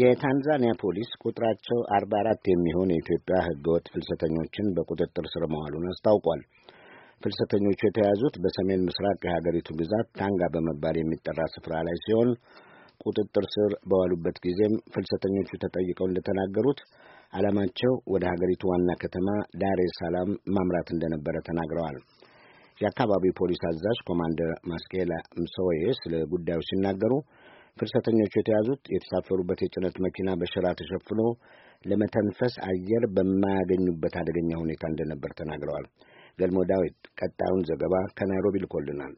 የታንዛኒያ ፖሊስ ቁጥራቸው አርባ አራት የሚሆን የኢትዮጵያ ህገወጥ ፍልሰተኞችን በቁጥጥር ስር መዋሉን አስታውቋል። ፍልሰተኞቹ የተያዙት በሰሜን ምስራቅ የሀገሪቱ ግዛት ታንጋ በመባል የሚጠራ ስፍራ ላይ ሲሆን ቁጥጥር ስር በዋሉበት ጊዜም ፍልሰተኞቹ ተጠይቀው እንደተናገሩት ዓላማቸው ወደ ሀገሪቱ ዋና ከተማ ዳሬ ሰላም ማምራት እንደነበረ ተናግረዋል። የአካባቢው ፖሊስ አዛዥ ኮማንደር ማስኬላ ምሰወዬ ስለ ጉዳዩ ሲናገሩ ፍልሰተኞቹ የተያዙት የተሳፈሩበት የጭነት መኪና በሸራ ተሸፍኖ ለመተንፈስ አየር በማያገኙበት አደገኛ ሁኔታ እንደነበር ተናግረዋል። ገልሞ ዳዊት ቀጣዩን ዘገባ ከናይሮቢ ልኮልናል።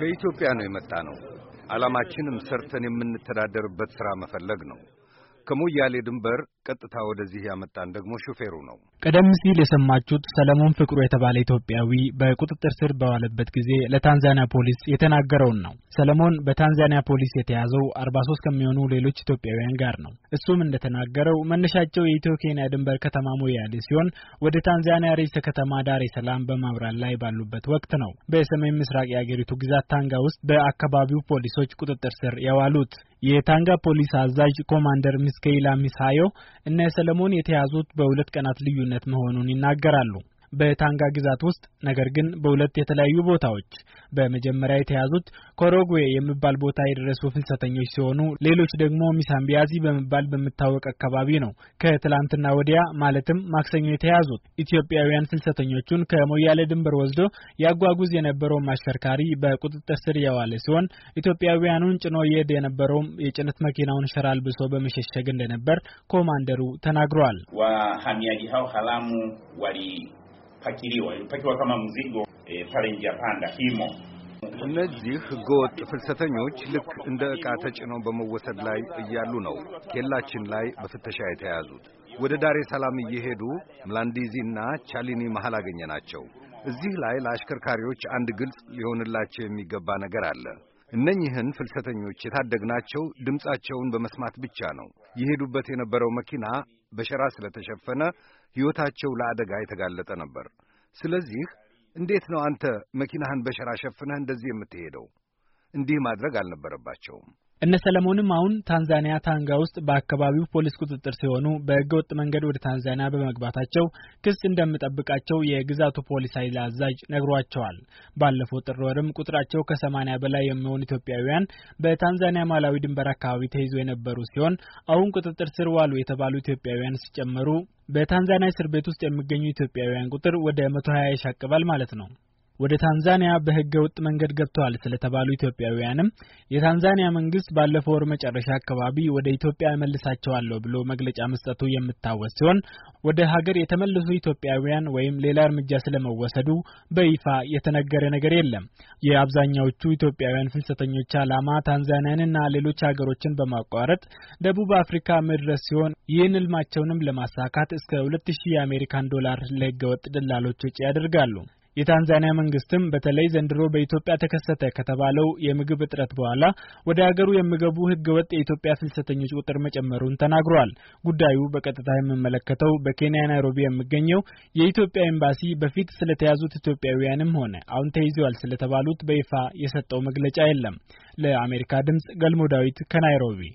ከኢትዮጵያ ነው የመጣ ነው። ዓላማችንም ሰርተን የምንተዳደርበት ሥራ መፈለግ ነው። ከሞያሌ ድንበር ቀጥታ ወደዚህ ያመጣን ደግሞ ሹፌሩ ነው። ቀደም ሲል የሰማችሁት ሰለሞን ፍቅሩ የተባለ ኢትዮጵያዊ በቁጥጥር ስር በዋለበት ጊዜ ለታንዛኒያ ፖሊስ የተናገረውን ነው። ሰለሞን በታንዛኒያ ፖሊስ የተያዘው 43 ከሚሆኑ ሌሎች ኢትዮጵያውያን ጋር ነው። እሱም እንደተናገረው መነሻቸው የኢትዮ ኬንያ ድንበር ከተማ ሞያሌ ሲሆን ወደ ታንዛኒያ ርዕሰ ከተማ ዳሬ ሰላም በማብራት ላይ ባሉበት ወቅት ነው በሰሜን ምስራቅ የአገሪቱ ግዛት ታንጋ ውስጥ በአካባቢው ፖሊሶች ቁጥጥር ስር የዋሉት። የታንጋ ፖሊስ አዛዥ ኮማንደር ሚስኬይላ ሚሳዮ እና ሰለሞን የተያዙት በሁለት ቀናት ልዩነት መሆኑን ይናገራሉ። በታንጋ ግዛት ውስጥ ነገር ግን በሁለት የተለያዩ ቦታዎች በመጀመሪያ የተያዙት ኮሮጉዌ የሚባል ቦታ የደረሱ ፍልሰተኞች ሲሆኑ ሌሎች ደግሞ ሚሳምቢያዚ በመባል በሚታወቅ አካባቢ ነው ከትላንትና ወዲያ ማለትም ማክሰኞ የተያዙት። ኢትዮጵያውያን ፍልሰተኞቹን ከሞያሌ ድንበር ወስዶ ያጓጉዝ የነበረውም አሽከርካሪ በቁጥጥር ስር የዋለ ሲሆን ኢትዮጵያውያኑን ጭኖ የሄድ የነበረውም የጭነት መኪናውን ሸራ አልብሶ በመሸሸግ እንደነበር ኮማንደሩ ተናግረዋል። ወሀሚያጂ ሀላሙ ወሪ walipakiliwa, walipakiwa kama mzigo e, pale panda himo እነዚህ ህገወጥ ፍልሰተኞች ልክ እንደ ዕቃ ተጭነው በመወሰድ ላይ እያሉ ነው ኬላችን ላይ በፍተሻ የተያዙት። ወደ ዳሬ ሰላም እየሄዱ ምላንዲዚ እና ቻሊኒ መሃል አገኘናቸው። እዚህ ላይ ለአሽከርካሪዎች አንድ ግልጽ ሊሆንላቸው የሚገባ ነገር አለ። እነኚህን ፍልሰተኞች የታደግናቸው ድምፃቸውን በመስማት ብቻ ነው። የሄዱበት የነበረው መኪና በሸራ ስለተሸፈነ ሕይወታቸው ለአደጋ የተጋለጠ ነበር። ስለዚህ እንዴት ነው አንተ መኪናህን በሸራ ሸፍነህ እንደዚህ የምትሄደው? እንዲህ ማድረግ አልነበረባቸውም። እነ ሰለሞንም አሁን ታንዛኒያ ታንጋ ውስጥ በአካባቢው ፖሊስ ቁጥጥር ሲሆኑ በህገወጥ መንገድ ወደ ታንዛኒያ በመግባታቸው ክስ እንደሚጠብቃቸው የግዛቱ ፖሊስ ኃይል አዛዥ ነግሯቸዋል። ባለፈው ጥር ወርም ቁጥራቸው ከሰማኒያ በላይ የሚሆኑ ኢትዮጵያውያን በታንዛኒያ ማላዊ ድንበር አካባቢ ተይዞ የነበሩ ሲሆን አሁን ቁጥጥር ስር ዋሉ የተባሉ ኢትዮጵያውያን ሲጨመሩ በታንዛኒያ እስር ቤት ውስጥ የሚገኙ ኢትዮጵያውያን ቁጥር ወደ መቶ ሀያ ይሻቅባል ማለት ነው። ወደ ታንዛኒያ በህገ ወጥ መንገድ ገብተዋል ስለተባሉ ኢትዮጵያውያንም የታንዛኒያ መንግስት ባለፈው ወር መጨረሻ አካባቢ ወደ ኢትዮጵያ መልሳቸዋለሁ ብሎ መግለጫ መስጠቱ የምታወስ ሲሆን ወደ ሀገር የተመለሱ ኢትዮጵያውያን ወይም ሌላ እርምጃ ስለመወሰዱ በይፋ የተነገረ ነገር የለም። የአብዛኛዎቹ ኢትዮጵያውያን ፍልሰተኞች ዓላማ ታንዛኒያንና ሌሎች ሀገሮችን በማቋረጥ ደቡብ አፍሪካ መድረስ ሲሆን ይህን ህልማቸውንም ለማሳካት እስከ 2000 የአሜሪካን ዶላር ለህገወጥ ደላሎች ወጪ ያደርጋሉ። የታንዛኒያ መንግስትም በተለይ ዘንድሮ በኢትዮጵያ ተከሰተ ከተባለው የምግብ እጥረት በኋላ ወደ ሀገሩ የሚገቡ ህገወጥ የኢትዮጵያ ፍልሰተኞች ቁጥር መጨመሩን ተናግሯል። ጉዳዩ በቀጥታ የምመለከተው በኬንያ ናይሮቢ የሚገኘው የኢትዮጵያ ኤምባሲ በፊት ስለተያዙት ኢትዮጵያውያንም ሆነ አሁን ተይዘዋል ስለተባሉት በይፋ የሰጠው መግለጫ የለም። ለአሜሪካ ድምጽ ገልሞ ዳዊት ከናይሮቢ